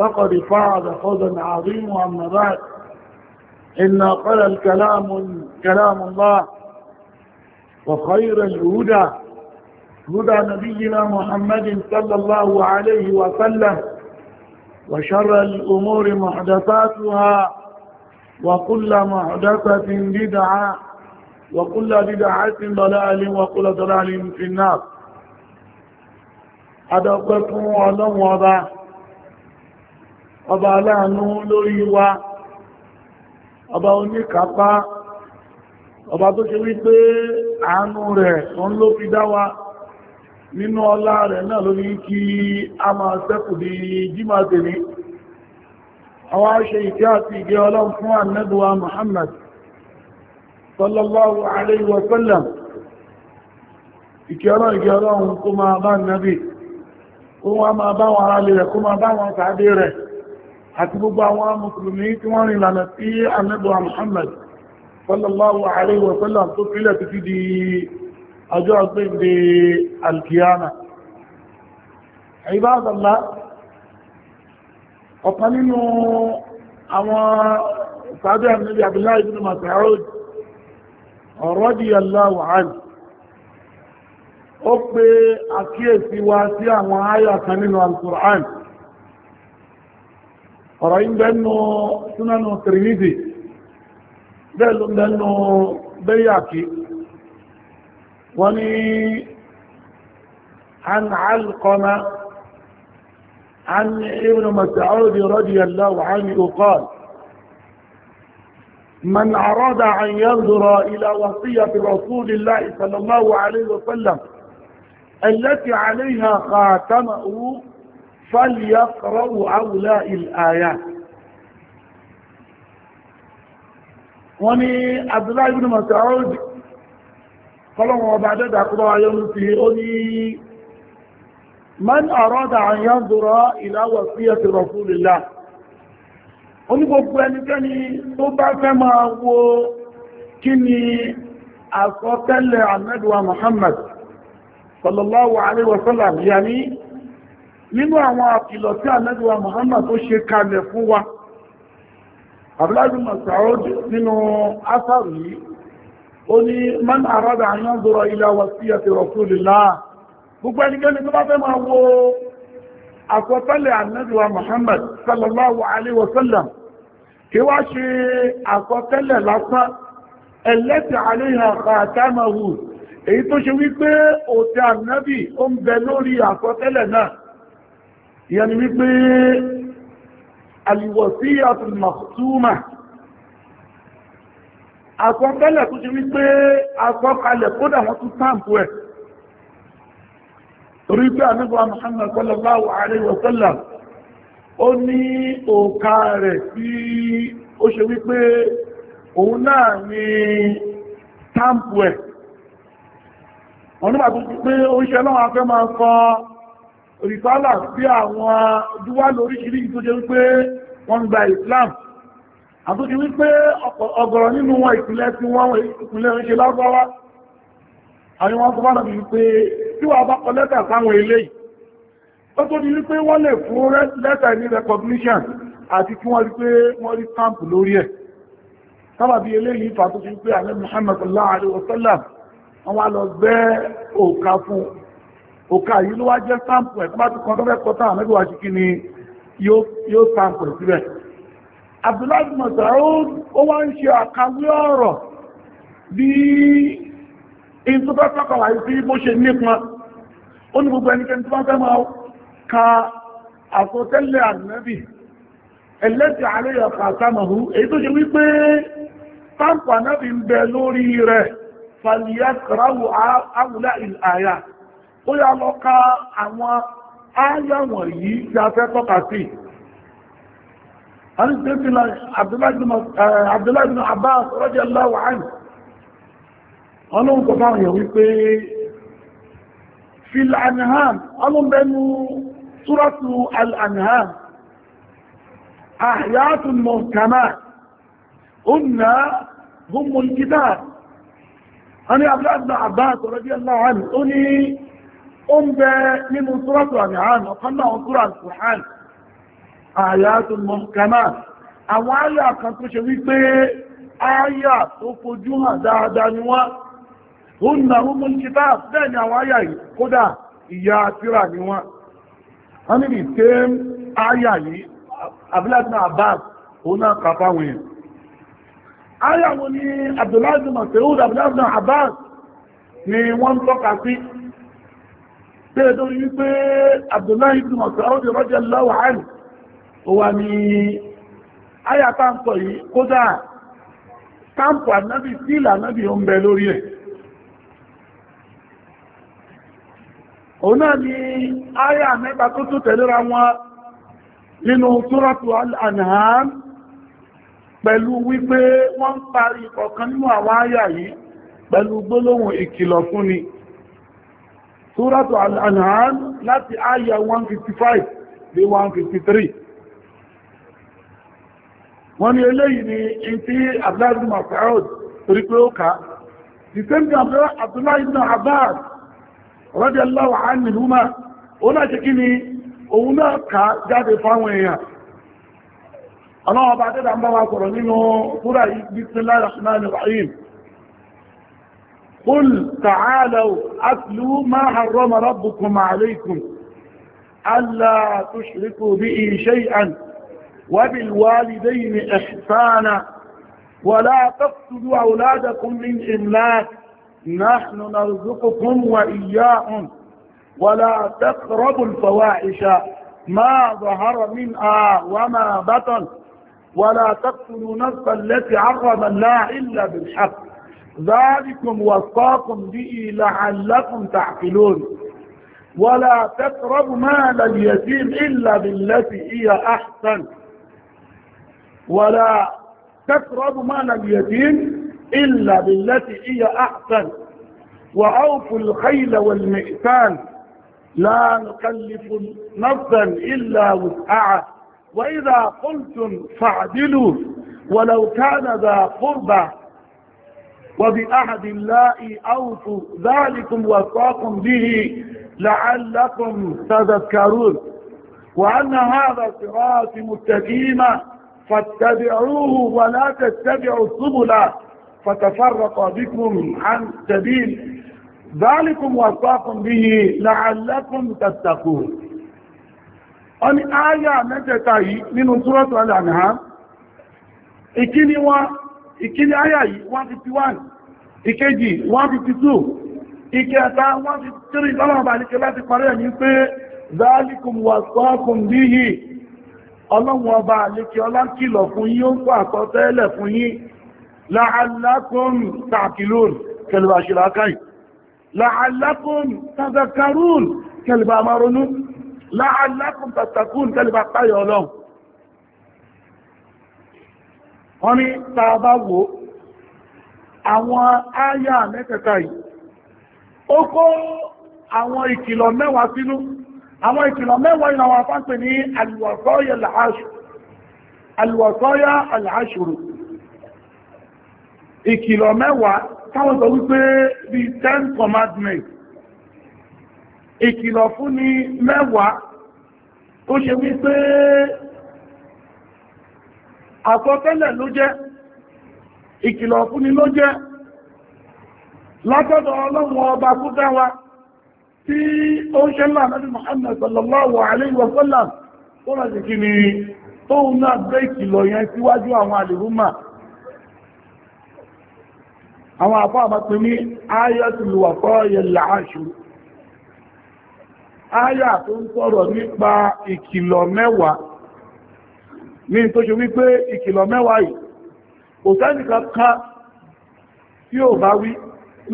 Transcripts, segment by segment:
فقد فعل فوزا عظيما أما بعد إن قال الكلام كلام الله وخير الهدى هدى نبينا محمد صلى الله عليه وسلم وشر الأمور محدثاتها وكل محدثة بدعة وكل بدعة ضلال وكل ضلال في النار أدقكم ولم وضع ọba aláàánú lórí wa ọba oníkápá ọba tó ṣe wípé àánú rẹ̀ òun ló fi dá wa nínú ọlá rẹ̀ náà lórí kí a máa sẹ́kù di jímá tèmi àwọn aṣe ìkẹ́ àti ìgẹ́ ọlọ́run fún ànẹ́bùwa Muhammad sallallahu alaihi wasallam ìkẹ́ ọlọ́run ìgẹ́ ọlọ́run kó máa bá nẹ́bì kó máa bá wọn ará lè rẹ̀ kó máa bá wọn tàbí rẹ̀ àti gbogbo àwọn mùsùlùmí tí wọ́n rìn lànà sí anẹ́bọ̀ Muhammad sallallahu alaihi wa sallam tó fílẹ̀ títí di ọjọ́ ọgbẹ́gbẹ́ alkiyama ibadallah ọ̀kan nínú àwọn sàájẹ́ àmìlẹ̀ Abdullahi ibn Mas'ud radiyallahu anhu ó pé àkíyèsí wa àwọn àyà kan nínú al فرأيين بأنه سنن الترميزي قالوا بأنه بيعكي وني عن علقنا عن ابن مسعود رضي الله عنه قال من اراد أن ينظر إلى وصية رسول الله صلى الله عليه وسلم التي عليها خاتمه فليقرأوا أولى الآيات wọ́n ní abdullahi ibn masaud kọlọ̀wọ̀n ọba dẹ́dà kúrò ayọ́rù ti ó ní man àrọ́dà àyàn zọrọ ìláwọ̀ sí ẹ̀sẹ̀ rọ̀fúlìlá ó ní gbogbo ẹnikẹ́ni tó bá fẹ́ máa wo kí ni àsọtẹ́lẹ̀ ahmadu wa muhammad sallallahu alaihi wasallam yani nínú àwọn àpìlọ̀ tí àlẹ́gbẹ̀wà Muhammad tó ṣe kalẹ̀ fún wa abúlájú masaud nínú asàrù yìí ó ní man àrádà àyán zọrọ ilẹ̀ wa sí àti Rasulillah gbogbo ẹnikẹ́ni tó bá fẹ́ máa wo àríhà àtàmàwù èyí tó ṣe wípé òtẹ́ ànábì ó ń bẹ lórí àsọtẹ́lẹ̀ náà ìyẹn wípé alwasiyatul makhtumah àkọọ́kẹ́lẹ̀ tó ṣe wípé àkọọ́kalẹ̀ kódà wọ́n tún táàmù ẹ̀ torí pé àníbà Muhammad sallallahu alaihi wasallam ó ní òkà rẹ̀ tí ó ṣe wípé òun náà ni táàmù ẹ̀ wọ́n nígbà rìtálà sí àwọn dúwà lóríṣìírí tó jẹ́ wípé wọ́n gba Islam àtúkì wípé ọ̀gọ̀rọ̀ nínú wọn ìpínlẹ̀ tí wọ́n ìpínlẹ̀ ń ṣe lágbọ́wá àwọn wọn tó bá nàbí wípé tí wà bá kọ lẹ́tà sáwọn eléyìí ó tó di wípé wọ́n lè fún lẹ́tà ní recognition àti kí wọ́n rí pé wọ́n rí stamp lórí ẹ̀ sábàbí eléyìí fàtúkì wípé àlẹ́ Muhammad sallallahu alaihi wasallam wọ́n wá lọ gbẹ́ òkà fún òkà yìí ló wá jẹ́ sáàmpù ẹ̀ tó bá tún kan tó fẹ́ kọta àmẹ́bí wá sí kí ni yóò sáàmpù ẹ̀ síbẹ̀ Abdullahi Mas'ud ó wá ń ṣe àkàwé ọ̀rọ̀ bí i tó fẹ́ tọ́kọ̀wà sí bó ṣe nípa ó ní gbogbo ẹnikẹ́ni tó bá fẹ́ máa ka àsọtẹ́lẹ̀ ànábì ẹlẹ́tì àríyà pàtàmàhú èyí tó ṣe wípé sáàmpù ànábì ń bẹ lórí rẹ̀ fàlìyà kàráwù àwùlá ìlàyà ó yá lọ ka àwọn áyàwọ̀n yìí tí a fẹ́ tọ́ka sí Abdullahi bin Abbas radiyallahu anhu ọlọ́run kọ̀ fáwọn èèyàn wípé fil anham ọlọ́mbẹ́nu túrọ́tù al-anham ahyatun muhkamat unna humul kitab a ní ó ń bẹ nínú súrọ́tù àmìhàn ọ̀kan náà súrà Al-Qur'an àwọn àyà kan tó ṣe wípé àyà tó fojú hàn dáadáa ni wọ́n hunna humul kitab bẹ́ẹ̀ ni àwọn àyà yìí kódà ìyá ni wọ́n ni wọ́n tọ́ka tẹ́rẹ tó rí wípé Abdullahi ibn Mas'ud radiyallahu anhu ó wà ní àyà táǹpọ̀ yìí kódà táǹpọ̀ ànábì sí ìlànábì ó ń bẹ lórí ẹ̀ òun náà ni àyà mẹ́ta tó tó tẹ̀léra wọn nínú Suratu al pẹ̀lú wípé wọ́n ń parí ọ̀kan nínú àwọn àyà yìí pẹ̀lú gbólóhùn ìkìlọ̀ fún ni Súratù Al-An'am láti ayà 155 dé 153. Wọ́n ni eléyìí ni in tí Abdullahi Mafi'ud torí pé ó ká. Di same time rẹ̀ Abdullahi ibn Abbas, radiyallahu anhuma, ó náà ṣe kí ni òun náà ká jáde fáwọn èèyàn. Ọlọ́wọ́ bá tẹ́dà قل تعالوا أتلوا ما حرم ربكم عليكم ألا تشركوا به شيئا وبالوالدين إحسانا ولا تقتلوا أولادكم من إملاك نحن نرزقكم وإياهم ولا تقربوا الفواحش ما ظهر منها وما بطن ولا تقتلوا نفسا التي عرم الله إلا بالحق ذلكم وصاكم به لعلكم تعقلون ولا تقربوا مال اليتيم إلا بالتي هي أحسن ولا تقربوا مال اليتيم إلا بالتي هي أحسن وأوفوا الخيل والمئتان لا نكلف نفسا إلا وسعها وإذا قلتم فاعدلوا ولو كان ذا قربى وبأحد الله أوفوا ذلكم وصاكم به لعلكم تذكرون وأن هذا صراط مستقيم فاتبعوه ولا تتبعوا السبل فتفرق بكم عن سبيل ذلكم وصاكم به لعلكم تتقون أن آية متى من سورة الأنعام ìkíní wọn ìkíní àyà yìí 151 ìkejì 152 ìkẹta 153 lọ́lọ́ọ̀bà ní kí láti parí ẹ̀ ní pé zalikum wasaakum bihi ọlọ́run ọba àlékí ọlá kìlọ̀ fún yí ó ń kọ́ àkọsẹ́lẹ̀ fún yí láàlákùn tàkìlún wọ́n ní tàbá wo àwọn áyà mẹ́tẹ̀ẹ̀ta yìí ó kó àwọn ìkìlọ̀ mẹ́wàá sínú àwọn ìkìlọ̀ mẹ́wàá ìlànà àwọn afáǹpẹ̀ ní alùwàsọ́yà aláṣùrù ìkìlọ̀ mẹ́wàá táwọn sọ wípé bí ten commandments ìkìlọ̀ fún ni mẹ́wàá tó ṣe wípé àkọtẹ́lẹ̀ ló jẹ́ ìkìlọ̀ fúnni ló jẹ́ látọ́dọ̀ ọlọ́run ọba kú dáwa tí ó ń ṣẹ́lá náà Muhammad sallallahu alaihi wa sallam ó rẹ̀ sì kí náà gbé tó ń nípa ìkìlọ̀ mẹ́wàá ní tó ṣe wípé ìkìlọ̀ mẹ́wàá yìí kò sẹ́nìkan ká tí ò bá wí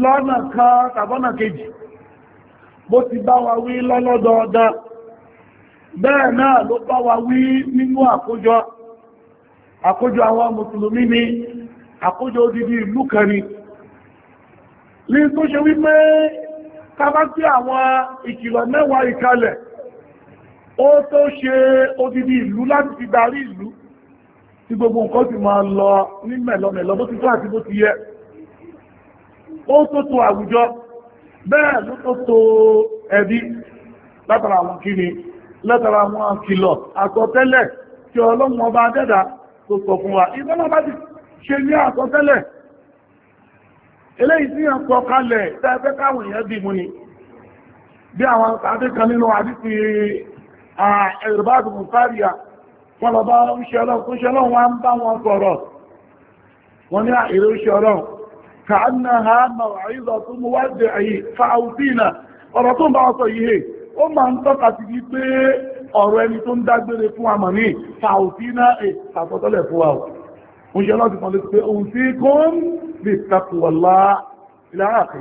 lọ́nà ká tàbọ́nà kejì bó ti bá wa wí lọ́lọ́dọọdá bẹ́ẹ̀ náà ló bá wa wí nínú àkójọ àkójọ àwọn mùsùlùmí ni àkójọ odidi ìlú kan ní tó ṣe wípé ká bá sí àwọn ìkìlọ̀ mẹ́wàá ìkalẹ̀ ó tó ṣe odidi ìlú láti fi darí ìlú tí gbogbo nǹkan ti máa lọ ní mẹ̀lọmẹ̀lọ bó ti tó àti bó ti yẹ ó tó tó àwùjọ bẹ́ẹ̀ ló tó tó ẹbí látara àwọn kíni látara àwọn àkìlọ̀ àsọtẹ́lẹ̀ tí ọlọ́run ọba adẹ́dà tó sọ fún wa ìgbọ́nà bá ti ṣe ní àsọtẹ́lẹ̀ eléyìí tí yàn sọ kalẹ̀ tẹ́ẹ̀fẹ́ káwọn èèyàn dìmú ni bí àwọn àdékan nínú àdífi ẹ̀rùbádùn fàríà wọ́n lọ bá oúnṣẹ́ ọlọ́run tó ṣe ọlọ́run wọ́n bá wọn sọ̀rọ̀ wọ́n ní àìrí oúnṣẹ́ ọlọ́run kàánà ha náà àìzọ̀ tó mú wá jẹ àyè fàáùsìnà ọ̀rọ̀ tó ń bá ọsọ yìí ó máa ń tọ́ka sí bí pé ọ̀rọ̀ ẹni tó ń dágbére fún àmà ní fàáùsìnà àfọ́tọ́lẹ̀ fún wa oúnṣẹ́ ọlọ́run ti pọ̀lẹ́ pé òun sí kún bí takuwàlá ilẹ̀ àkè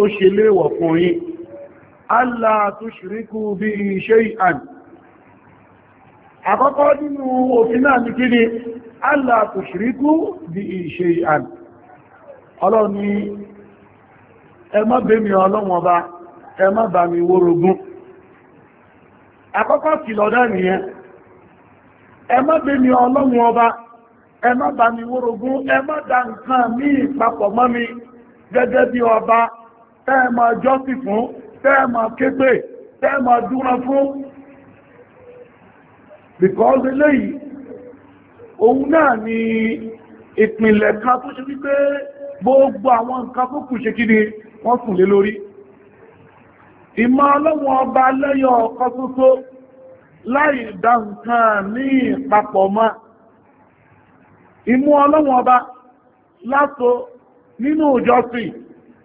ó ṣe léèwọ̀ fún yín Allah tushriku bí shay'an àkọ́kọ́ nínú òfin náà ní kí ni Allah tushriku bí shay'an ọlọ́run ni ẹ má bèmí ọlọ́run ọba ẹ má bà mí àkọ́kọ́ kìlọ̀dá nìyẹn ẹ má bèmí wórogún ẹ dá nǹkan mí papọ̀ mọ́ mi gẹ́gẹ́ bí ọba tẹ́ẹ̀mà jọ́sì fún tẹ́ẹ̀mà képe tẹ́ẹ̀mà dúnra fún because eléyìí òun náà ni ìpìnlẹ̀ kan tó ṣe wípé gbogbo àwọn nǹkan tó kù ṣe kí ni wọ́n sùn lé lórí ìmọ̀ ọlọ́wọ́n ọba lẹ́yọ ọkọ̀ tótó láì dá nǹkan ní ìpapọ̀ mọ́ ìmú ọlọ́wọ́n ọba látò nínú ìjọsìn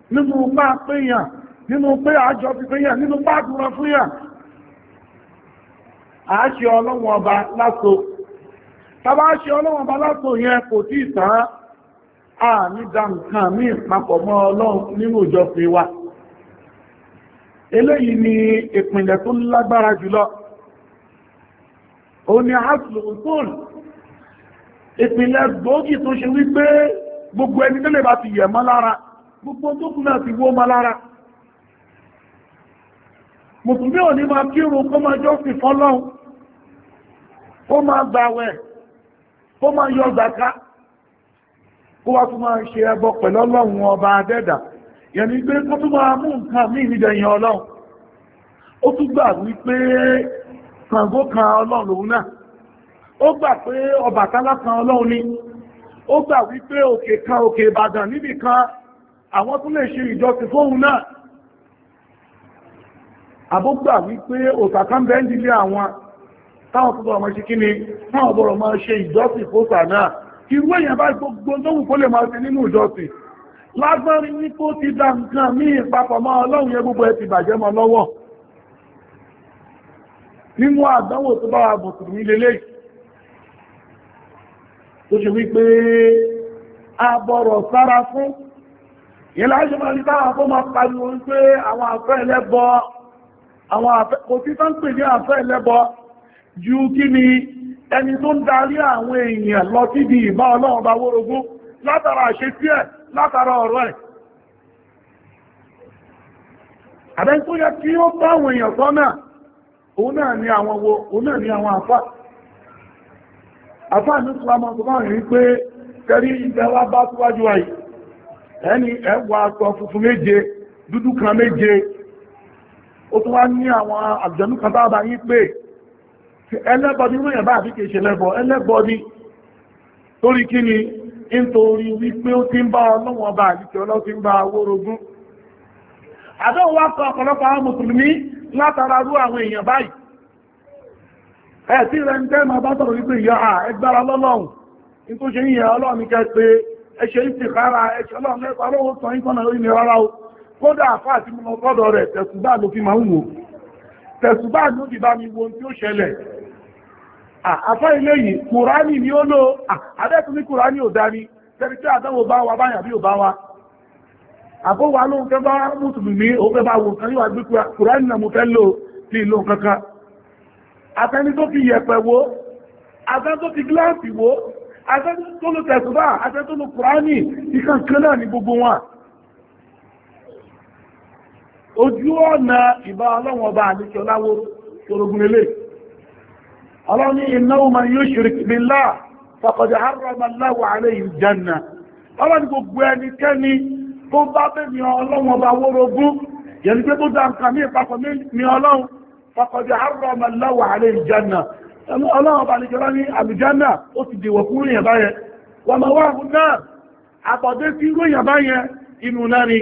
nínú pá péyàn nínú pé àjọ fi péyàn nínú pá dúran fún yàn àáṣẹ ọlọ́wọ̀n ọba látò tàbá àṣẹ ọlọ́wọ̀n ọba látò yẹn kò tí ìtàn à ní dáǹkan ní ìpapọ̀ mọ́ ọlọ́run nínú ìjọ fi wa eléyìí ni ìpìnlẹ̀ tó lágbára jùlọ ó ní àásùlù òtóòlù ìpìnlẹ̀ gbòógì tó ṣe wípé gbogbo ẹni tẹ́lẹ̀ bá ti yẹ̀ mọ́ lára gbogbo tó kú náà ti wó ma lára mùsùlùmí ò ní máa kírun kó máa jọ́ sí fọ́lọ́hun kó máa gbàwẹ̀ kó máa yọ gbàká kó wá tún máa ṣe ẹbọ pẹ̀lú ọlọ́run ọba adẹ́dà yẹni pé kó tún máa mú nǹkan mí ìrìnlẹ̀yìn ọlọ́run ó tún gbà wípé kàngó kan ọlọ́run òun náà ó gbà pé Ọbàtálá kan ọlọ́run ni ó gbà wípé òkè kan òkè Ìbàdàn níbì kan àwọn tó lè ṣe ìjọsìn fóhun náà àbúgbà wípé òsàkà ń bẹ́ ń dílé àwọn táwọn tó bọ̀rọ̀ máa ṣe kíni táwọn bọ̀rọ̀ máa ṣe ìjọsìn fósà náà irú èèyàn bá gbogbo lóhun kó lè máa ṣe nínú ìjọsìn lágbọ́n rí ní kó ti dá nǹkan ní ìpapọ̀ mọ́ ọlọ́run yẹn gbogbo ẹ ti bàjẹ́ mọ́ lọ́wọ́ nínú àdánwò tó bá àbùsùnmí lélẹ̀ tó ṣe wípé a bọ̀rọ̀ sára fún yẹn láti máa rí táwọn akọ́ máa pariwo wípé àwọn àfẹ́ ẹlẹ́bọ àwọn àfẹ́ kò tí tán pè ní àfẹ́ ẹlẹ́bọ ju kí ni ẹni tó ń darí àwọn èèyàn lọ síbi ìbá ọlọ́run bá wórogún látara àṣetí ẹ̀ látara ọ̀rọ̀ ẹ̀ àbẹ́ tó yẹ kí ó bá àwọn èèyàn sọ́nà òun náà ni àwọn wo òun náà ni àwọn àfà àfà ní ìsìlámọ̀ tó bá rìn wípé tẹ́rí ìjẹwà bá síwájú wáyìí ẹni ẹwà aṣọ funfun méje dúdú kan méje ó tún wá ní àwọn àjọ̀nú kan bá bá yín pé ẹlẹ́bọ̀dí wọ́n yẹ̀ àbíkè ṣe lẹ́bọ̀ torí kí ni nítorí wípé ó ti ń bá ọlọ́wọ́n bá àjíkẹ́ ọlọ́wọ́ ti bá awórogún ọ̀pọ̀lọpọ̀ àwọn mùsùlùmí látara ẹṣẹ́ ìtìkára ẹṣẹ́ ọlọ́run lẹ́pàá ọlọ́run tọ́ ìkọ́nà orí mi rárá o kódà àfá àti mọ́ fọ́dọ̀ rẹ̀ tẹ̀sùbá ló fi máa ń wò tẹ̀sùbá ló fi bá mi wo tí ó ṣẹlẹ̀ àfá ilé yìí kùránì ni ó lò àdẹ́tù ní kùránì ò dání tẹ́rí tí àdánwò bá wa báyà bí ò bá wa àbówà ló ń fẹ́ bá mùsùlùmí ó fẹ́ bá wò kan yóò àgbé kùránì náà mo fẹ́ lò sí ìlú kankan atẹni tó fi yẹ̀pẹ̀ wo atẹni tó fi gíláàsì wo àṣẹ tó ló tẹ̀sùbá àṣẹ tó ló kùránì ìkankan náà ní gbogbo wọn ojú ọ̀nà ìbá ọlọ́wọ̀n ọba àdíkẹ́ ọláwó ṣorogun ilé ọlọ́ni innahu man yushrik billah faqad harrama Allahu alayhi al-jannah ọlọ́ni gbogbo ọlọ́run bá ní jọra ní àlùjánà ó ti dèwọ̀ fún èèyàn báyẹn wọ́n ma wá fún náà àpọ̀dé sí irú èèyàn báyẹn inú náà ni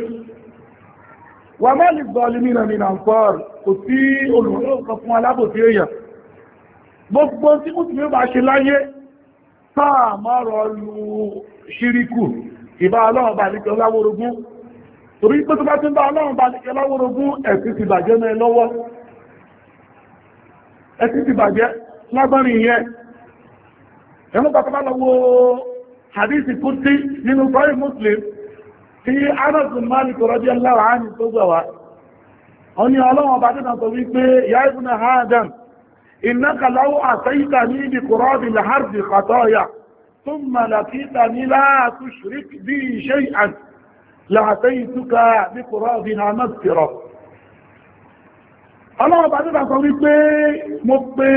wọ́n má lè gbọ́ lè mìíràn ní nàǹkọ́ọ̀rù kò sí olùrànlọ́wọ́ fún alábòsí èèyàn gbogbo tí mùsùlùmí bá ṣe láyé táà máa rọ lu ṣíríkù ìbá ọlọ́run ní jọra wórogún torí pé tó bá ti ń bá ọlọ́run ní jọra wórogún ẹ̀sìn ti bàjẹ́ náà lọ́wọ́ lágbọ́nrin yẹn ẹ̀mú pàtàkì lọ́wọ́ hadith kúrtí nínú sọ́rí muslim tí arọ́sùn máa ní kò rọ́dí aláwọ̀ ánì tó gbà wá ọ ni ọlọ́wọ̀n bá tẹ́ta sọ wípé ya ibùn adam innaka law àtẹ́yíta ní ibi kò rọ́dí laharbi kàtọ́ọ̀yà tún màlàkíta ní láàtú ṣirik bí iṣẹ́ àti láàtẹ́yìtúka bí kò rọ́dí na mẹ́sìrọ̀ ọlọ́wọ́ bá dídà sọ wípé mo pé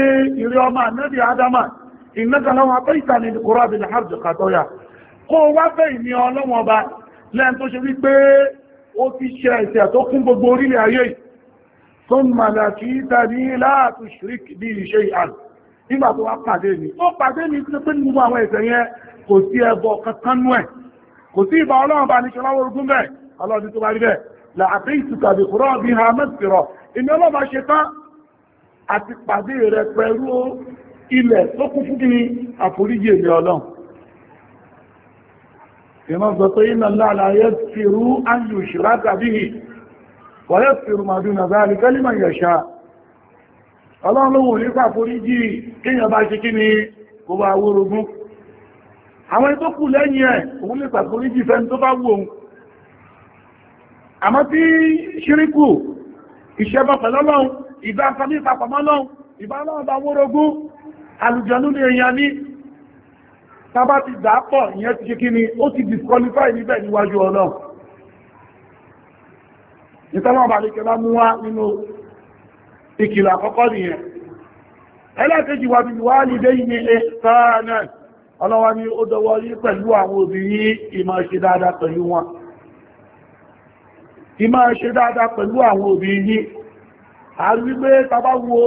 ìrẹ́ ọmọ ànẹ́bì adama ìnẹ́gbẹ̀lọ́wọ́ apẹ́ìta ní ìkòrò àbìlì hajjọ kàtọ́yà kó wá fẹ́ ìní ọlọ́wọ́ bá lẹ́n tó ṣe wípé ó ti ṣe ẹ̀ṣẹ̀ tó kún gbogbo orílẹ̀ ayé tó màlà kí tàbí láàtù shrik bí iṣẹ́ ìhàn nígbà tó wá pàdé mi ó pàdé mi tí pé nínú àwọn ẹ̀ṣẹ̀ yẹn kò sí ẹbọ bí ha mẹ́sìrọ̀ ìní ọlọ́bàá ṣe tán àti pàdé rẹ̀ pẹ̀lú ilẹ̀ tó kún fún kíní àforíjì èdè ọlọ́run ìran sọ pé iná láàláyé ti rú áyù ṣìlá tàbí wọ́yẹ́ ti rú màdúnà záàlì àwọn tó lẹ́yìn ẹ̀ òun lè pàforíjì fẹ́ni tó bá wù òun àmọ́ tí ṣíríkù ìṣẹ́bọ̀ pẹ̀lọ́lọ́run ìgbà àtàmì ìpapọ̀mọ́lọ́run ìbálọ́ọ̀bà wórogún àlùjọ̀nú ni èèyàn ní tàbá ti dàápọ̀ ìyẹn ti kí ni ó ti disqualify níbẹ̀ níwájú ọlọ́run ìtọ́lọ́ọ̀bà lè kẹ́lá mú wá nínú ìkìlọ̀ àkọ́kọ́ nìyẹn ẹlẹ́kẹ́jì wà bí ọlọ́wà ni ó dọwọ́ yí pẹ̀lú àwọn òbí yí ìmọ̀ ṣe dáadáa pẹ̀lú wọn ìmá ṣe dáadáa pẹ̀lú àwọn òbí yín a rí pé tàbá wo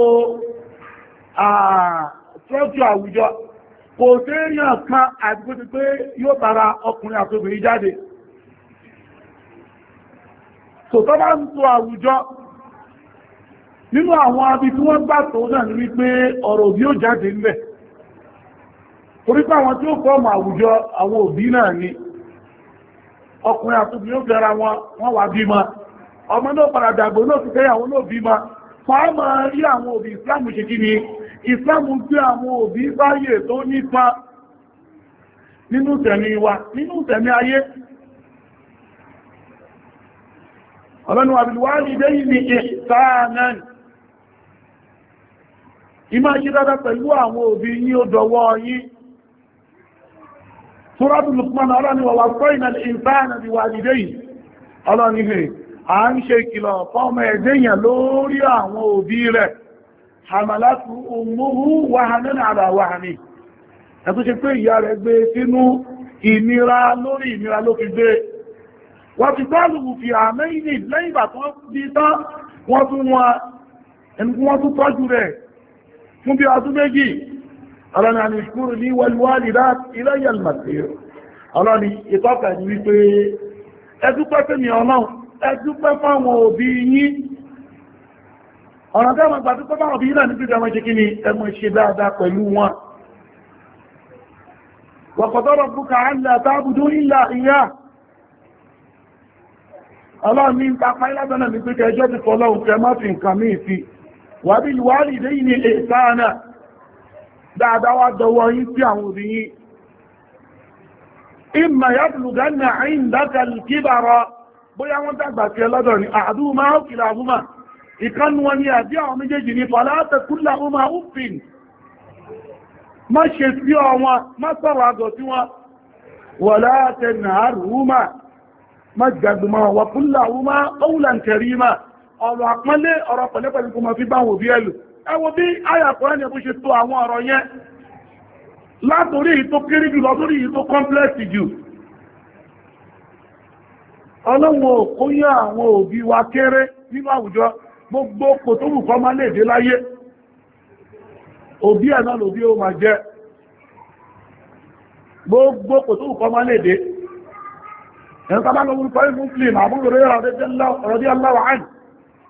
àtọ́jú àwùjọ kò tí èèyàn kan àdúgbò ti pé yóò bára ọkùnrin àtòbìnrin jáde tò tọ́ bá ń tó àwùjọ nínú àwọn abi tí wọ́n gbà tó náà ní wípé ọ̀rọ̀ òbí ó jáde ńlẹ̀ torípé àwọn tí ó fọ́ọ̀mù àwùjọ àwọn òbí náà ni ọkùnrin àtúbí ó fẹ́ra wọn wọ́n wà bímọ ọmọ náà padà dàgbò náà ti fẹ́yàwó náà bímọ fọ́ọ̀mọ̀ rí àwọn òbí ìsìláàmù ṣe kí ni ìsìláàmù gbé àwọn òbí báyè tó nípa nínú tẹ̀mí wa nínú tẹ̀mí ayé ọlọ́nu àbìlúwálìdé ní ìsáàmẹ́n ìmá yí Súrátù Lukman ọlọ́ni wà wà sọ́ìnà ìsáànà bí wà nílé yìí. Ọlọ́ni hẹ̀, a ń ṣe ìkìlọ̀ fọ́mọ ẹ̀dẹ́yàn lórí àwọn òbí rẹ̀. Hamalatu umuhu wahanan ala wahani. Ẹ̀tún ṣe pé ìyá rẹ̀ gbé e sínú ìnira lórí ìnira ló fi ọlọ́ni àni ìṣkúrù ní wàlúwàlìdá iléyàn màtíyà ọlọ́ni ìtọ́kà ní wípé ẹdúpẹ́ fẹ́mi ọlọ́run ẹdúpẹ́ fáwọn òbí yín ọ̀nà tẹ́mọ̀ gbàdúpẹ́ fáwọn òbí náà nígbìdì ọmọ ìṣẹ́kí ni ẹmọ ìṣe dáadáa pẹ̀lú wọn wọ̀kọ̀tọ́rọ̀ búkà ánlẹ̀ tábùdó ìlà ìyá ọlọ́run ní pápá ìlàbẹ̀nà ní pé kẹjọ́ ti fọ́lọ́run kẹ fi nǹkan mí fi wà bí ìwárìdé ìní èsáà náà dáadáa wá dọwọ́ yí sí àwọn òbí yí ìmọ̀ yàtùlùgá ní àyín dákàlì kí bàrọ bóyá wọ́n dàgbà sí ẹlọ́dọ̀ ni àdúgbò máa ń kìlà àbúmà ìkánu wọn ni àbí àwọn méjèèjì ní fàlátẹ̀kúlà ó máa ń má ṣe sí ọwọn má sọ̀rọ̀ àgọ̀ ọ̀rọ̀ pẹ̀lẹ́pẹ̀lẹ́ kò mọ̀ fi báwọn òbí ẹlù ẹ wo bí ayàkùnrin ni bó ṣe tó àwọn ọ̀rọ̀ yẹn látorí èyí tó kéré jù lọ sórí èyí jù kere ó yá àwọn òbí wa kéré nínú àwùjọ gbogbo kò tó wùkọ́ máa lè dé láyé òbí ẹ̀nà lòbí ó máa jẹ́ gbogbo kò tó wùkọ́ máa lè dé ẹ̀nà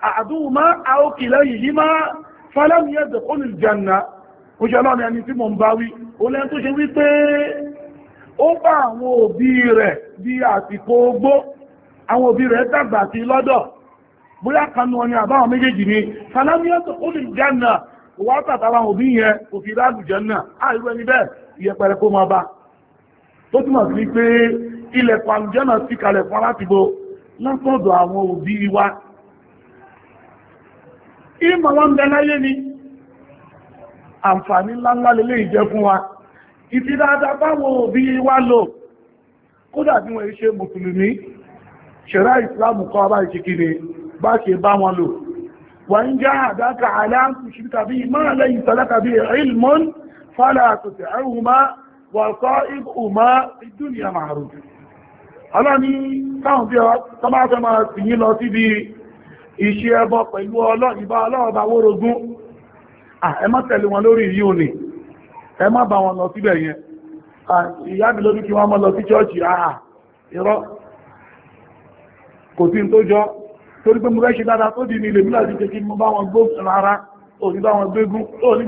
àdúhùmá àókìlẹ̀ yìí má fọ́lẹ́mù yẹ́ dẹ̀kọ́lù ìjànà òṣèlọ́nà ẹni tí mo ń bá wí o lẹ́n tó ṣe wípé ó bá àwọn òbí rẹ̀ bí àsìkò ogbó àwọn òbí rẹ̀ dàgbà sí lọ́dọ̀ bóyá kanú ọni àbáwọn méjèèjì ni fọ́lẹ́mù yẹ́ dẹ̀kọ́lù ìjànà wà tàtàrà òbí yẹn kò fi láàbù jẹ́nà àìrú ẹni bẹ́ẹ̀ ìyẹpẹrẹ kó máa bá tó túmọ̀ sí pé ilẹ̀kùn àlùjẹ́nà sí kalẹ̀ fún aláti bo látọ̀dọ̀ àwọn òbí wa ìmọ̀ wọn bẹ láyé ni àǹfààní ńláńlá lè ìjẹ́ fún wa ìfi dáadáa báwọn òbí wa lò kódà bí wọ́n ṣe mùsùlùmí ṣẹ̀rá ìsìláàmù kọ́ ọba ìṣìkiri bá ṣe bá wọn lò wà ń já àdáka aláàkù bí iṣẹ́ ẹbọ pẹ̀lú ọlọ́ìbá ọlọ́ọ̀bá wórogún ẹ má tẹ̀lé wọn lórí yíò ní ẹ má bá wọn lọ síbẹ̀ yẹn ìyá mi lórí kí wọ́n mọ́ lọ sí chọ́ọ̀chì àà irọ́ kò sí tó jọ torí pé mo fẹ́ ṣe dáadáa tó di ní ilé mílẹ̀ títí kí mo bá wọn gbó rárá ò ní bá wọn gbégún ò ní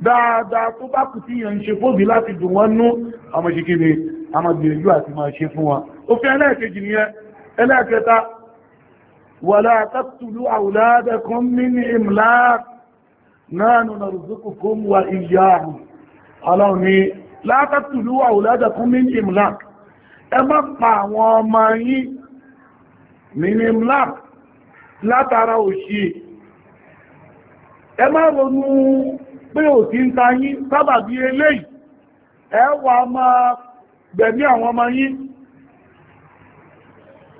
dáadáa tó bá kù tí yẹn ń ṣe fóbi láti dùn wọ́n nú ọmọ ṣe kéré amagbèrèjú àti máa ṣe fún wọn òfin ẹlẹ́ẹ̀kejì nìyẹn ẹlẹ́ẹ̀kẹta wala taqtulu awladakum min imlaq nahnu narzuqukum wa iyyahum ọlọ́run ni la taqtulu awladakum min imlaq ẹ má pa àwọn ọmọ yín min imlaq ẹ má ronú pé ò nta ń ta yín sábà bí ẹ máa gbẹ̀mí àwọn ọmọ yín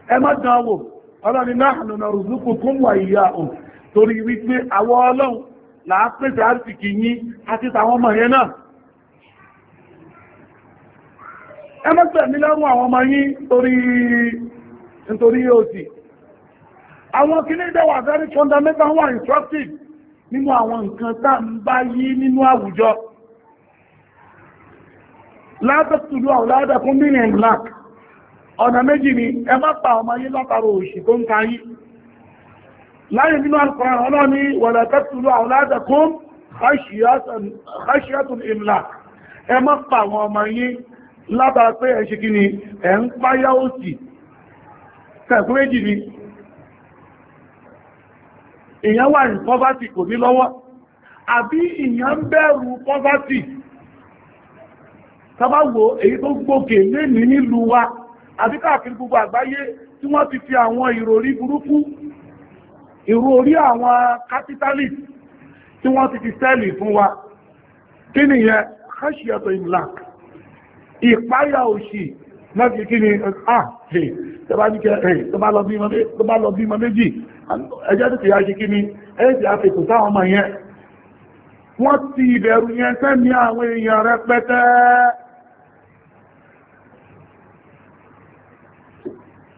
ẹ má dán wò ọlọ́ni náà nà rùzúkù kún wà ìyá ò torí wípé àwọ ọlọ́run làá àrísìkì yín àti tàwọn ọmọ yẹn náà ẹ má gbẹ̀mí lọ́rùn àwọn ọmọ yín torí nítorí nínú àwọn nǹkan tá ń bá yí nínú àwùjọ látọ̀tùlú àwọn ládàkún mílíọ̀n black ọ̀nà méjì ni ẹ má pa ọmọ yí látàrò òṣì tó ń ta yí láyé nínú Al-Qur'an ọlọ́ni wala taqtulu awladakum khashyatul imlak ẹ má pa àwọn ọmọ yí látàrà pé ẹ̀ṣì kí ni ẹ̀ ń páyá òsì tẹ̀kú méjì ni èyàn wà ní pọ́fàtì kò ní lọ́wọ́ àbí èyàn ń bẹ̀rù pọ́fàtì tàbáwò èyí tó gbókè lẹ́ni nílùú wa àbí káàkiri gbogbo àgbáyé tí wọ́n ti fi àwọn ìròrí burúkú ìròrí àwọn capitalist tí wọ́n ti ti sẹ́lì fún wa kí nìyẹn kẹ́ṣìyàtọ̀ ìmìlà ìpáyà òṣì láti kí ni ààrẹ ah, tó bá ní kẹrẹ tó bá lọ bí ọmọ méjì ẹjẹ́ tó kìí ajé kí ni ẹ̀ẹ́sì àfẹ́kù sáwọn ọmọ yẹn wọ́n ti ìbẹ̀rù yẹn sẹ́ni àwọn èèyàn rẹpẹtẹ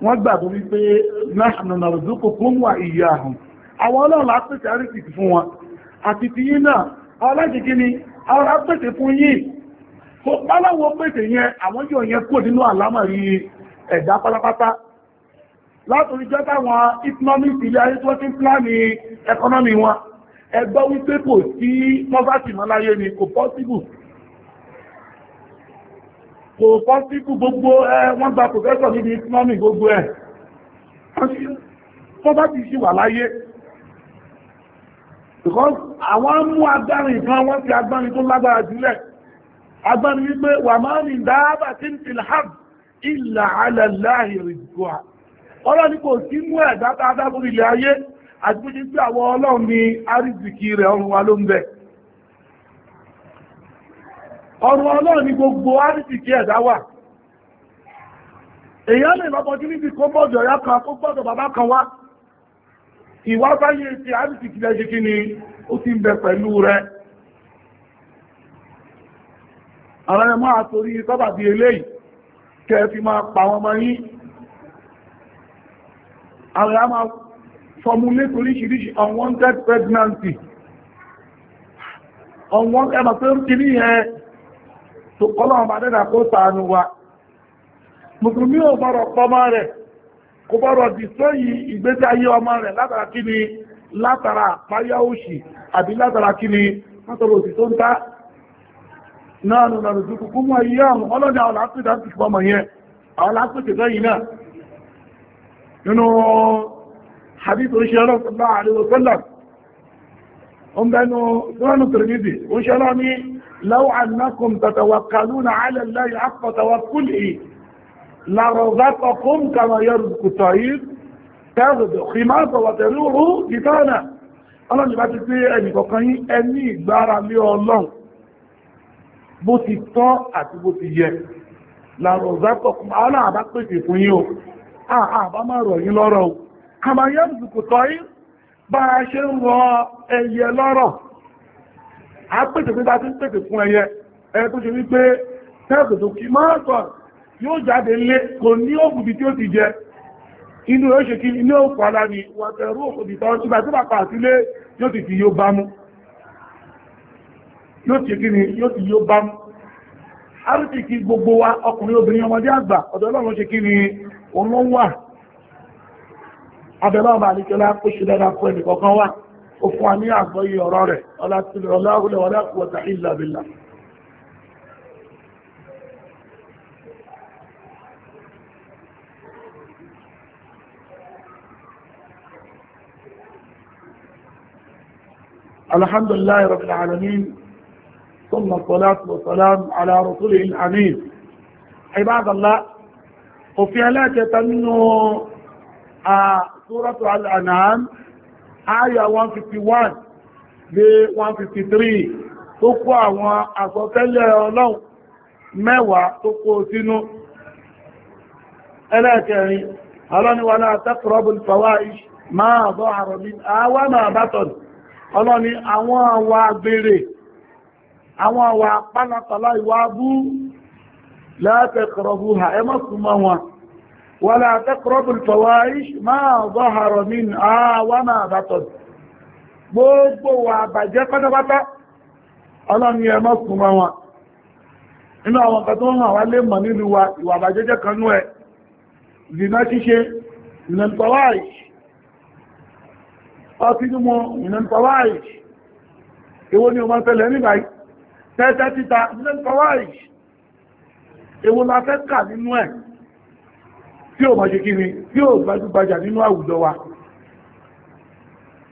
wọ́n gbàgbọ́ wípé náà nàrùdúkù fún wà ìyá ahùn àwọn ọlọ́run lápẹ̀tẹ̀ àríkìtì fún wọn àti ti yí náà ọlọ́jì ni àwọn lápẹ̀tẹ̀ fún yìí so báláwọ̀ pèsè yẹn àwọn yóò yẹn kò nínú àlámọ̀rí ẹ̀dá pátápátá látòrí jẹ́ táwọn economic ilé ayé tó ti ń pláàni economy wọn ẹgbọ́ wípé kò sí poverty mọ́láyé ni kò possible kò possible gbogbo ẹ wọ́n gba professor níbi economy gbogbo ẹ̀ poverty sì wà láyé because àwọn mú agbárin kan wọ́n fi agbárin tó lágbára jùlẹ̀ agbáni wípé wà máa ní dáábà tí ń fi hàn ìlà alàláàrí ìrìnkúwà ọlọ́ni kò sí mú ẹ̀dá tàbí fún ilẹ̀ ayé àti pé jíjí ọlọ́run ni àrísìkí rẹ̀ ọrùn wa ló ń ni gbogbo àrísìkí ẹ̀dá wà èyàn lè lọ́pọ̀ tí níbi kó kan kó gbọ́dọ̀ bàbá kan wá báyé ti àwọn ẹmọ́ àtorí sábàbí eléyìí kẹ́ fi máa pa wọn mọ́ yín àwọn ẹmọ́ formulate oríṣiríṣi unwanted pregnancy unwanted ẹmọ̀ pé kí ní ẹ tó kọ́lọ̀ ọmọ adẹ́dà kó sàánú wa mùsùlùmí ò bọ́rọ̀ pọ́mọ rẹ̀ kò bọ́rọ̀ dìsọ́ yìí ìgbésí ayé ọmọ rẹ̀ látara kí ni látara àpáyá òṣì àbí látara kí ni látara òṣì tó ń ta náà nù nà lùdúkú kú mọ́ iye àwọn ọlọ́dà alápẹ́ dájú ṣùgbọ́n mọ̀ yẹn àwọn alápẹ́ tẹ̀lé yìí náà nínú hadith oṣù ọlọ́pàá àríwọ̀ sọ́lá ó ń bẹnu sọ́nù tìrìmìtì oṣù ọlọ́ ní lọ́wọ́ annakum كما يرزق الطير تغد خماسة وتروح جتانا ọlọ́run bá ti pé ẹnìkọ̀kan yí ẹni ìgbára lé bó ti tọ́ àti bó ti yẹ láàrọ̀ zákọ̀kùn aláàbá pèsè fún yín o àbá máa rọ̀ yín lọ́rọ̀ o kàmà yẹ́ ìzùkù tọ́ yí bá a ṣe ń rọ ẹyẹ lọ́rọ̀ a pèsè fún dájú pèsè fún ẹyẹ ẹ tó ṣe wípé tẹ́ẹ̀kù kí máa sọ yóò jáde lé kò ní òkùnbí tí ó ti jẹ inú ó ṣe kí inú òkùnbí ni wàtẹ̀rú òkùnbí tọ́ ìgbà tó bàpá àtílé yóò ti fi yóò ti kí ni yóò ti yóò bá mú àríkìkì gbogbo wa ọkùnrin obìnrin ọmọdé àgbà ọ̀dọ̀ ọlọ́run ṣe kí ni òun ló wà abẹ́lá ọba àdíkẹ́lá kó ṣe dáadáa fún ẹnì kọ̀ọ̀kan wà ó fún wa ní àgbọ́yé ọ̀rọ̀ rẹ̀ ọlá rabbil alamin ثم الصلاة والسلام على رسوله الأمين عباد الله وفي علاقة منه آه سورة الأنعام آية 151 ل 153 tó kó àwọn àsọtẹ́lẹ̀ ọlọ́run mẹ́wàá tó kó sínú ẹlẹ́ẹ̀kẹrin ọlọ́niwà náà taqrabul fawahish máa bọ́ àrọ̀bí àwọn máa bátọ̀n ọlọ́ni àwọn àwà gbèrè àwọn àwà pánátàlá ìwà bú látẹ́kọ̀rọ̀bù ha ẹ má súnmọ́ wọn wà látẹ́kọ̀rọ̀bù fawaish máa zọ́hàrọ̀ ní àwà máa bàtọ̀ gbogbo wà bàjẹ́ pátápátá ọlọ́ni ẹ má súnmọ́ wọn inú àwọn kan tó ń hàn wá tẹ́tẹ́ títa nílé kọwàrí ewu la fẹ́ kà nínú ẹ̀ tí ó mọ̀ṣe kiri tí ó gbajúgbajà nínú àwùjọ wa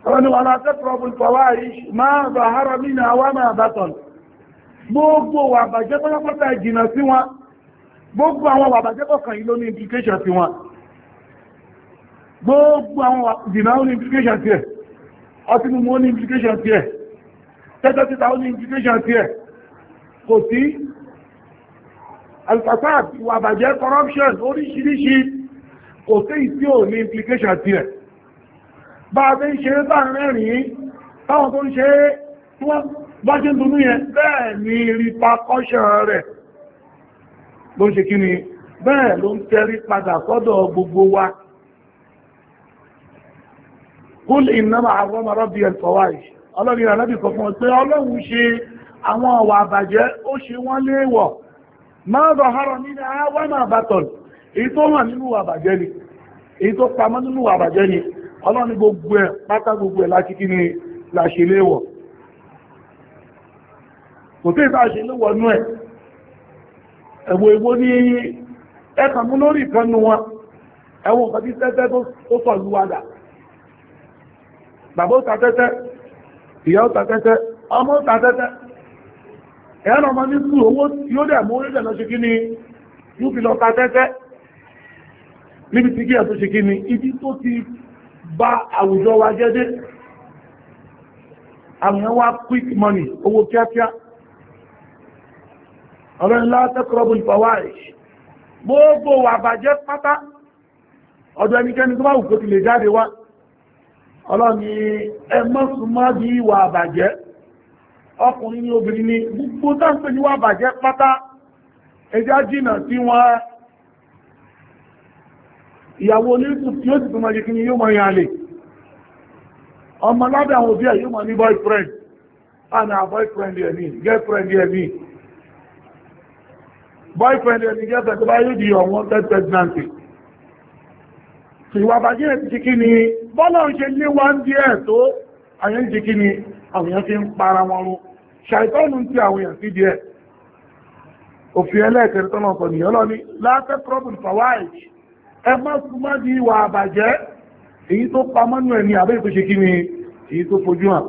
ọ̀rọ̀ ni wà náà tẹ́ problem kọwàrí máa bà hárọ̀ nínú àwá máa bàtàn gbogbo wà bàjẹ́ pátápátá ìjìnà sí wọn gbogbo àwọn wà bàjẹ́ kọ̀kan yìí ló ní implication sí wọn gbogbo àwọn ìjìnà ó ní implication sí ẹ̀ ọtí mímu ó ní implication sí kò sí alfasad ìwà àbàjẹ́ corruption oríṣiríṣi kò sí ìsí ò ní implication tirẹ̀ bá a fi ń ṣe bá rẹ́rìn táwọn tó ń ṣe bá ṣe ń dunú yẹn bẹ́ẹ̀ ni repercussion rẹ̀ ló ń ṣe kí ni bẹ́ẹ̀ ló ń tẹ́rí padà sọ́dọ̀ gbogbo wa kúlì ìnáwà àwọn ọmọ rọ́bì ẹ̀fọ́wáì ọlọ́rin àlábì kọ̀ọ̀kan pé ọlọ́run ṣe àwọn ọ̀wà àbàjẹ́ ó ṣe wọ́n léèwọ̀ máa bọ̀ nínú àwọn àbátọ̀n èyí tó hàn nínú àbàjẹ́ ni èyí tó pamọ́ nínú àbàjẹ́ ni ọlọ́ni gbogbo ẹ̀ pátá gbogbo ẹ̀ láti kí ni láṣe léèwọ̀ kò nú ẹ̀ ẹ̀wò èwo ní ta ìyá ó ta ọmọ ó ta ẹ̀yàn ọmọ ní fún owó yóò dẹ̀ mú orílẹ̀ lọ ṣe kí ni yóò fi lọ ta tẹ́tẹ́ níbi tí kí ẹ̀ tó ṣe kí ni ibi tó ti bá àwùjọ wa jẹ́ dé quick money owó kíákíá ọ̀rẹ́ ńlá tẹ́kọ̀ọ́bù ìfọwáì gbogbo wà bàjẹ́ pátá ọ̀dọ̀ ẹnikẹ́ni tó bá wù kó ti lè jáde wá bí ìwà àbàjẹ́ ọkùnrin ni obìnrin ni gbogbo táǹpé ní wà bàjẹ́ pátá ẹjá jìnà tí wọ́n ìyàwó onírìsù tí ó sì tó máa jẹ́ kí ni yóò máa yàn lè ọmọ lábẹ́ àwọn òbí ẹ̀ yóò máa ní boyfriend and her boyfriend ẹ̀ ní girlfriend ẹ̀ ní boyfriend ẹ̀ ní girlfriend tó bá yóò di ọ̀wọ́n third pregnancy ìwà bàjẹ́ ẹ̀ ti kí ni bọ́lá ń ṣe ní wá ń díẹ̀ tó àyẹ́ ń ṣe kí ni àwọn fi ń para wọn rún ṣàìtọ́nù ti àwọn èèyàn sí díẹ̀ òfin ẹlẹ́ẹ̀kẹrẹ tọ́nà ọ̀pọ̀ nìyàn lọ ní láàpẹ́ problem fawaij ẹ má súnmọ́ di ìwà àbàjẹ́ èyí tó pamọ́nù ẹ̀ ní àbẹ́ tó ṣe kí ni èyí tó fojú hàn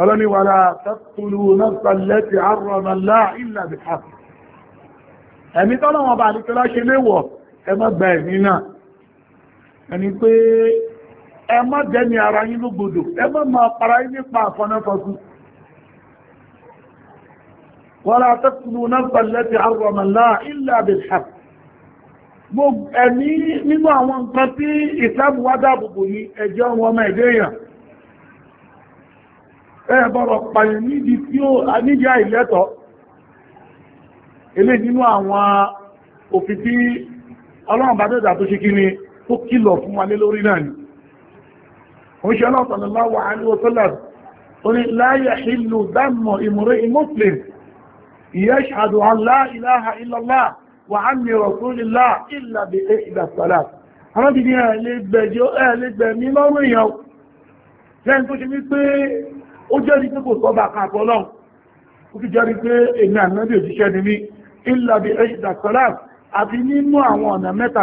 ọlọ́ni wàrà taqtulu nafsa allati harrama Allah illa bil haqq ẹ̀mí tọ́nà wọn bá ẹ má jẹ́ ni ara yín lógbòdò ẹ má máa para yín nípa àfọnáfọ́sùn wọ́la tẹ́kùnù náà lẹ́tì àrọ̀mọ̀lá إلا àbìlhà ẹ̀mí nínú àwọn nǹkan tí ìsìlámù wá dáàbòbò ní ẹjẹ́ wọn ọmọ ẹ̀dẹ́ èèyàn ẹ bọ̀rọ̀ pàyàn nídi tí ó níjà ìlẹ́tọ̀ ilé nínú àwọn òfin tí ọlọ́run bá dẹ́dà tó ṣe kí ni tó kìlọ̀ fún wa lé lórí náà ni يشهد أن لا إله إلا الله وعن رسول الله إلا بإحدى الصلاة àwọn ti ní ẹ̀lẹ́gbẹ̀jọ́ ẹ̀lẹ́gbẹ̀mí lọ́rùn èèyàn lẹ́yìn tó ṣe wípé ó jẹ́rìí pé kò sọ́bà kàpọ̀ lọ́n ó fi jẹ́rìí pé èmi ànábì òjíṣẹ́ ni mí illa bi ihda salat àti nínú àwọn ọ̀nà mẹ́ta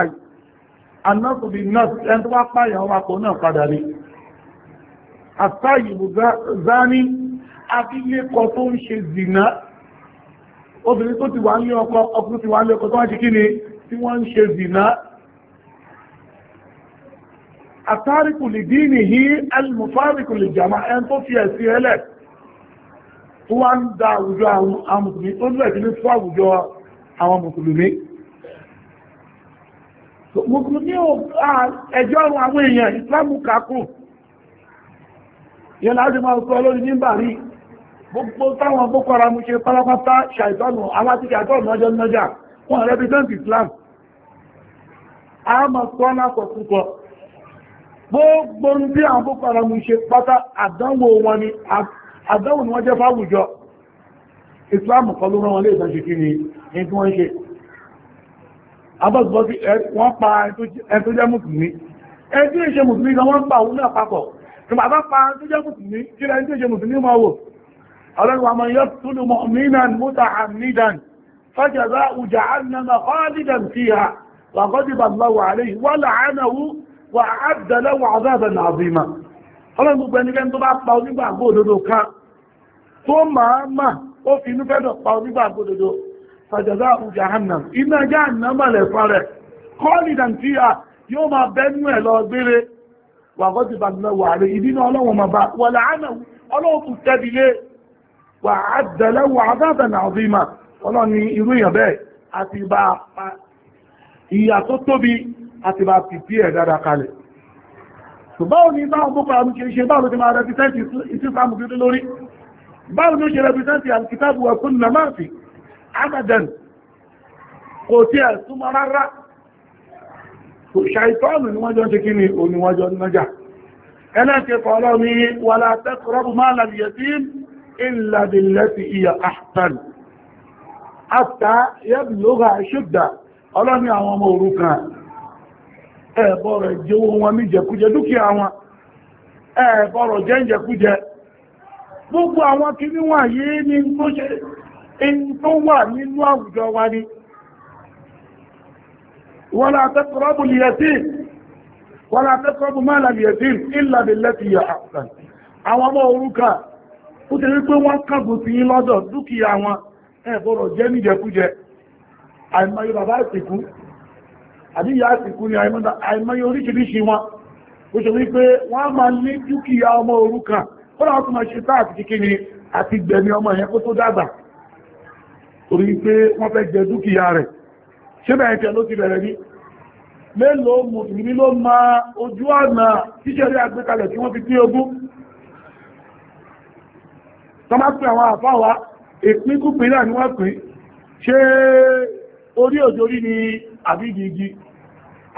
anáfòbí nọ́ọ̀sì ẹni tó bá pààyàn wakọ̀ náà padà rí àtàyìbù zání àti ilé kọ tó ń ṣe zìnà obìnrin tó ti wà ní ọkọ ọkùnrin ti wà ní ọkọ tó wá ṣe kí ni tí wọ́n ń ṣe zìnà àtàríkù lè dí nìyí alìmọ̀fáríkù lè jàmà ẹn tó fi ẹ̀sìn ẹlẹ̀ tó wá ń da àwùjọ àwọn mùsùlùmí tó ń lẹ̀kí ní fún àwùjọ àwọn mùsùlùmí mùsùlùmí ẹjọ́ ọrùn àwọn èèyàn ìsìlámù kàkù yẹn láti máa sọ lórí nígbà rí gbogbo táwọn boko haram ṣe pálápátá ṣàìtọ́nù alátíkà àtọ́nù ọjọ́ nájà wọn represent Islam a mọ̀ tó alákọ̀ púpọ̀ gbogbo tí àwọn boko haram ṣe pátá àdánwò wọn ni àdánwò ni wọ́n jẹ́ fáwùjọ Islam kọ́ ló rán wọn lè ìtàṣe kí ni ní tí wọ́n ṣe abọ́sùbọ́sí wọ́n pa ẹni tó jẹ́ mùsùlùmí ẹni tí ó ṣe mùsùlùmí kan wọ́n pa òun náà papọ̀ ọlọ́run àmọ́ yọ́ túnú mọ̀mínàn múta hamidan fàjàzá ùjà annama khalidan fiha wà gọ́dìbà lọ́wọ́ àlẹ́ wà láàánàwó wà ábdàlẹ́wọ̀ àzáàbà nàbìmà ọlọ́run gbogbo ẹnikẹ́ni tó bá pa onígbàgbọ́ òdodo kan tó máa mà ó fi wà gọ́dìbà lọ́wọ́ àlẹ́ wà láàánàwó ọlọ́run kù tẹ́bi wà á dẹ̀lẹ́ wà á dáadáa náà bí ma ọlọ́run ní irú èèyàn bẹ́ẹ̀ àti bá ìyà tó tóbi àti bá pìpì ẹ̀ dáadáa kalẹ̀ ṣùgbọ́n ní báwọn boko haram kìí ṣe báwọn ti máa rẹpítẹ́ntì ìsìsàmù kìí lórí báwọn ló ṣe rẹpítẹ́ntì alkitabu wa sunna máa fi abadan kò tí ẹ̀ súnmọ́ rárá kò ṣàìtọ́nù níwájọ́ ti kí ni oníwájọ́ nájà ẹlẹ́kẹ̀ẹ́ إلا بالتي هي أحسن حتى يبلغ أشده ọlọ́ni àwọn ọmọ òrukàn mi ìjẹwó wọn ní jẹkújẹ dúkìá wọn ẹ̀bọ̀rọ̀ jẹ́ ìjẹkújẹ gbogbo àwọn kìíní wà yìí ní tó ṣe in wa ni wala taqrabu al-yatim wala taqrabu mal al-yatim illa billati hiya ahsan ó ti rí pé wọ́n kàgbò sí yín lọ́dọ̀ dúkìá wọn ẹ̀bọ̀rọ̀ jẹ́ níjẹkújẹ àìmọye bàbá ìsìnkú àdíyà ìsìnkú ni àìmọye oríṣiríṣi wọn ó ṣe wípé wọ́n máa ní dúkìá ọmọ òrukàn ó náà tún máa ṣe táà àti kíkiri àti gbẹ̀mí ọmọ yẹn kó tó dàgbà torí pé wọ́n fẹ́ jẹ dúkìá rẹ̀ ṣé tó bá pín àwọn àfáwà ìpín kúpin náà ni wọ́n pín ṣe orí òjòrí ni àbí gígí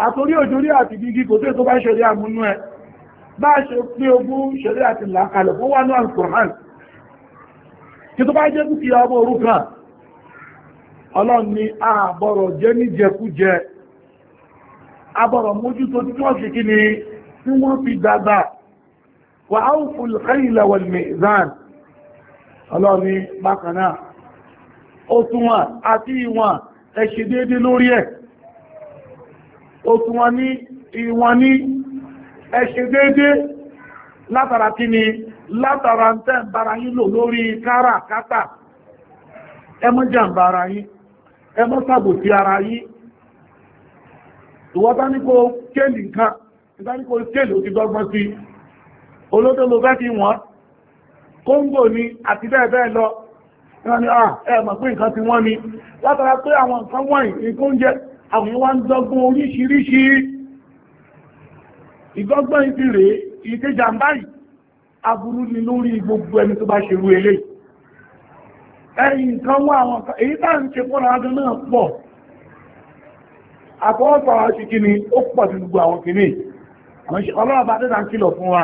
àtorí òjòrí àti gígí kò tó bá ṣẹlẹ̀ àmúnú ẹ bá ṣe pé ogún ṣẹlẹ̀ àti làkalẹ̀ fún wà náà Al-Qur'an kí tó bá jẹ́ dúkìá ọmọ òrukàn ọlọ́run àbọ̀rọ̀ jẹ́ níjẹkújẹ àbọ̀rọ̀ ọlọ́ni bákanáà òtúnwà àti ìwọ̀n ẹ̀ṣẹ̀ déédé lórí ẹ̀ òtúnwà ní ìwọ̀n ní ẹ̀ṣẹ̀ déédé látara kí ni látara ń tẹ́ bára yín lò lórí káràkátà ẹmọ́ jàǹbá ara yín ẹmọ́ sàbòsí ara yín ìwọ́ta ní kó kéèlì nǹkan n'iko o ti lo kóńgò ni àti bẹ́ẹ̀ bẹ́ẹ̀ lọ wọ́n ni ẹ mọ̀ pé nǹkan ti wọ́n ni látara pé àwọn nǹkan wọ̀nyí nǹkan oúnjẹ àwọn wá ń dọ́gbọ́n oríṣiríṣi ìdọ́gbọ́n ìdí rèé ìkéjà ń báyìí aburú ni lórí gbogbo ẹni tó bá ṣe rú ele ẹ̀yìn nǹkan wọ́n àwọn èyí tá ń ṣe fọ́nà adùn náà pọ̀ àkọ́ọ̀pọ̀ àwọn ṣìkíní ó pọ̀ sí gbogbo àwọn kìíní àwọn ọlọ́ọ̀bá tẹ́ta ń kìlọ̀ fún wa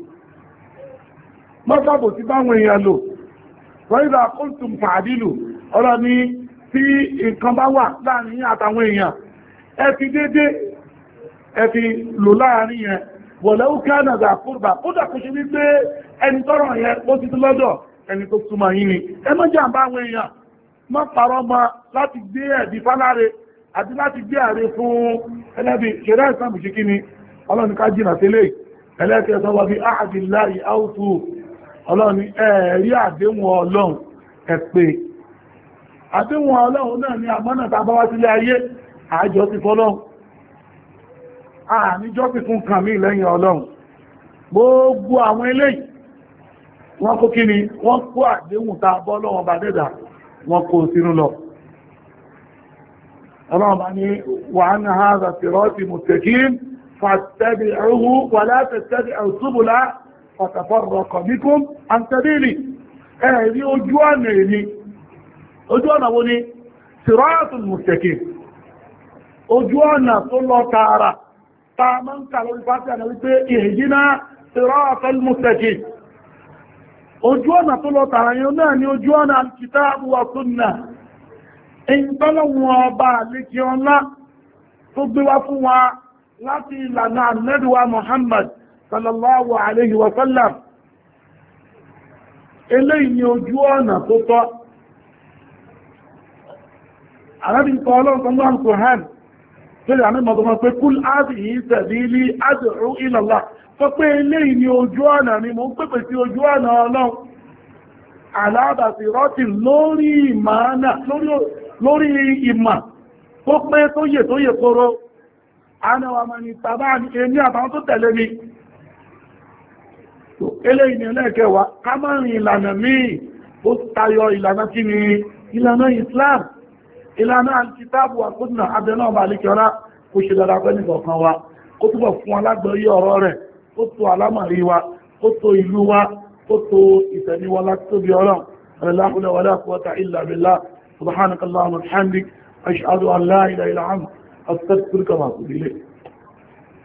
mọ́sàbò ti báwọn èèyàn lò rọ́ìdà kóòtùm fàádìlù ọ̀rọ̀ ni tí nǹkan bá wà láàrin àtàwọn èèyàn ẹ fi dédé ẹ fi lò láàrin yẹn wọ̀lẹ́ ó kánà dà kúrbà kódà kò ṣe ẹni tọ́rọ̀ yẹn ó ti lọ́dọ̀ ẹni tó súnmọ́ yín ni ẹ má jàǹbá àwọn èèyàn má parọ́ mọ́ láti gbé ẹ̀bí fáláre àti láti gbé ààrẹ fún ẹlẹ́bí ṣẹ̀dá ìsàmù ni ọlọ́run jìnà sílé ẹlẹ́kẹ̀ẹ́ sọ wọ́n bí áhàdìláì áùtù ọlọ́run ni ẹ̀ẹ̀rí àdéhùn ọlọ́run ẹ̀pẹ́ àdéhùn ọlọ́run náà ni àmọ́nà tàbá wá sílé ayé àjọ ti fọ́lọ́run àníjọ́ ti fún kàn mí lẹ́yìn ọlọ́run gbogbo àwọn eléyìí wọ́n kó kí ni wọ́n kó àdéhùn ta bọ́lọ́run bá dẹ́dà wọ́n kó sínú lọ ọlọ́run bá ní wa fàtàfàrọ̀kọ̀ bíkún àǹtẹ̀bílì ẹ̀rí ojú ọ̀nà èmi ojú ọ̀nà wo ni siratul mustaqim ojú ọ̀nà tó lọ tààrà ta mọ́ ń kà lórí fásitì àná wípé ihdina siratul mustaqim ojú ọ̀nà tó lọ tààrà yẹn náà ni ojú sallallahu alayhi wa sallam eléyìí ni ojú ọ̀nà tó tọ́ arábìn kọ́ ọlọ́run tọ́lọ́ al-Qur'an tẹ́lẹ̀ àmì mọ̀tọ́mọ̀ pé kúl áàbìyí sabili ad'u ila Allah sọ pé eléyìí ni ojú ọ̀nà ni mo ń pèpè sí ojú ọ̀nà ọlọ́run aláàbàsírọ́tì lórí ìmàánà lórí ìmà tó pé tó yè tó yè kóró anáwàmọ̀ ni tàbá ẹni àbáwọn tó tẹ̀lé mi eléyìí ni ẹlẹ́ẹ̀kẹwàá ká má rìn ìlànà míì ó tayọ ìlànà kí ni ìlànà Islam ìlànà alkitabu àkóṣùnà abẹ́nà ọba àlekẹ́ọ́lá kò ṣe dára pẹ́ni kọ̀ọ̀kan wa kó túbọ̀ fún alágbọ̀ọ́yé ọ̀rọ̀ rẹ̀ kó tó alámàrí wa kó tó ìlú wa kó tó ìtẹ̀níwá látóbi ọlọ́run la hawla wala quwwata illa